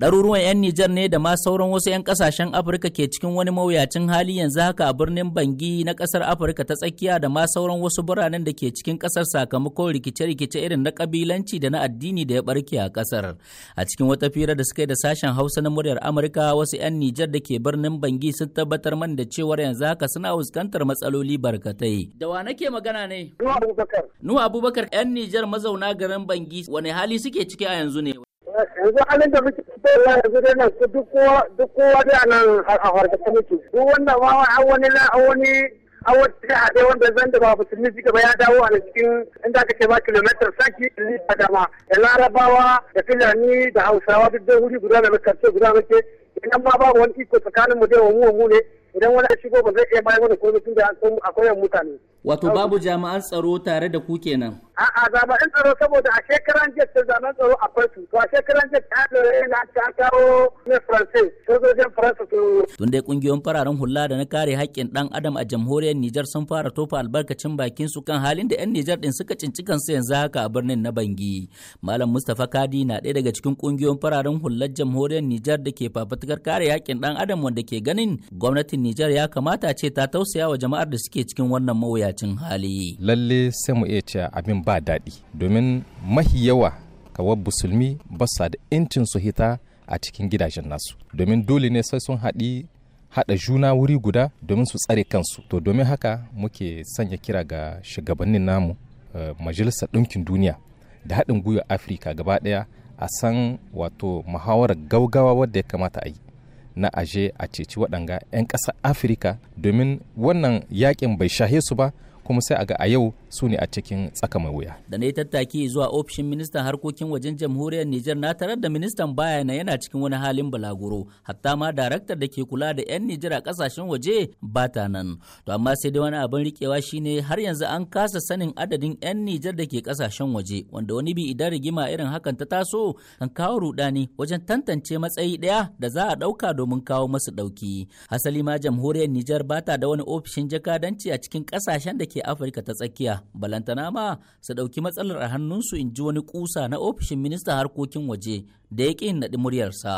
Ɗaruruwan 'yan Nijar ne da ma sauran wasu 'yan ƙasashen Afirka ke cikin wani mawuyacin hali yanzu haka a birnin Bangi na ƙasar Afirka ta tsakiya da ma sauran wasu biranen da ke cikin ƙasar sakamakon rikice-rikice irin na ƙabilanci da na addini da ya ɓarke a ƙasar. A cikin wata fira da suka yi da sashen Hausa na muryar Amurka wasu 'yan Nijar da ke birnin Bangi sun tabbatar man da cewa yanzu haka suna fuskantar matsaloli barkatai. Da wa nake magana ne? Nuhu Abubakar. Nuhu Abubakar 'yan Nijar mazauna garin Bangi wani hali suke ciki a yanzu ne? yanzu halin da muke fitowa yanzu dai nan duk kowa duk kowa dai anan a harkar muke duk wanda ma an wani na an wani an wani jiha dai wanda zan da ba musulmi suke ba ya dawo a cikin inda aka ce ba kilomitar saki da dama da larabawa da fulani da hausawa duk dai wuri guda da makarce guda muke idan ma babu wani iko tsakanin mu dai wa mu ne idan wani ya shigo ba zai iya bayar wani komai tun da akwai mutane. Wato babu jami'an tsaro tare da ku kenan. A'a jami'an tsaro saboda a shekaran jet da jami'an tsaro akwai su. To a shekaran jet ta tsaro yana ta kawo ne Faransa, sojojin Faransa su. Tun dai kungiyoyin fararen hula da na kare haƙƙin ɗan adam a jamhuriyar Nijar sun fara tofa albarkacin bakin su kan halin da 'yan Nijar ɗin suka cinci kansu yanzu haka a birnin na Bangi. Malam Mustapha Kadi na ɗaya daga cikin kungiyoyin fararen hular jamhuriyar Nijar da ke fafutukar kare haƙƙin ɗan adam wanda ke ganin gwamnatin Nijar ya kamata ce ta tausaya wa jama'ar da suke cikin wannan mawuyaci. mawuyacin hali lalle sai mu iya cewa abin ba daɗi domin mahi yawa kawar musulmi ba sa da incin su hita a cikin gidajen nasu domin dole ne sai sun haɗi haɗa juna wuri guda domin su tsare kansu to domin haka muke sanya kira ga shugabannin namu eh, majalisar ɗinkin duniya da haɗin gwiwa afirka gaba ɗaya a san wato muhawarar gaugawa wadda ya kamata a yi na aje a ceci waɗanga 'yan ƙasar afirka domin wannan yakin bai shahe su ba kuma sai a ga a yau su ne a cikin tsaka mai wuya. Da na yi tattaki zuwa ofishin ministan harkokin wajen jamhuriyar Nijar na tarar da ministan baya na yana cikin wani halin balaguro, hatta ma daraktar da ke kula da 'yan Nijar a kasashen waje ba ta nan. To amma sai dai wani abin rikewa shine har yanzu an kasa sanin adadin 'yan Nijar da ke kasashen waje, wanda wani bi idan rigima irin hakan ta taso kan kawo rudani wajen tantance matsayi ɗaya da za a ɗauka domin kawo masu ɗauki. asali ma jamhuriyar Nijar ba ta da wani ofishin jakadanci a cikin kasashen da ke Afirka ta tsakiya. balantana ma su ɗauki matsalar a hannunsu in ji wani kusa na ofishin Minista harkokin waje da ya ƙi naɗi muryarsa.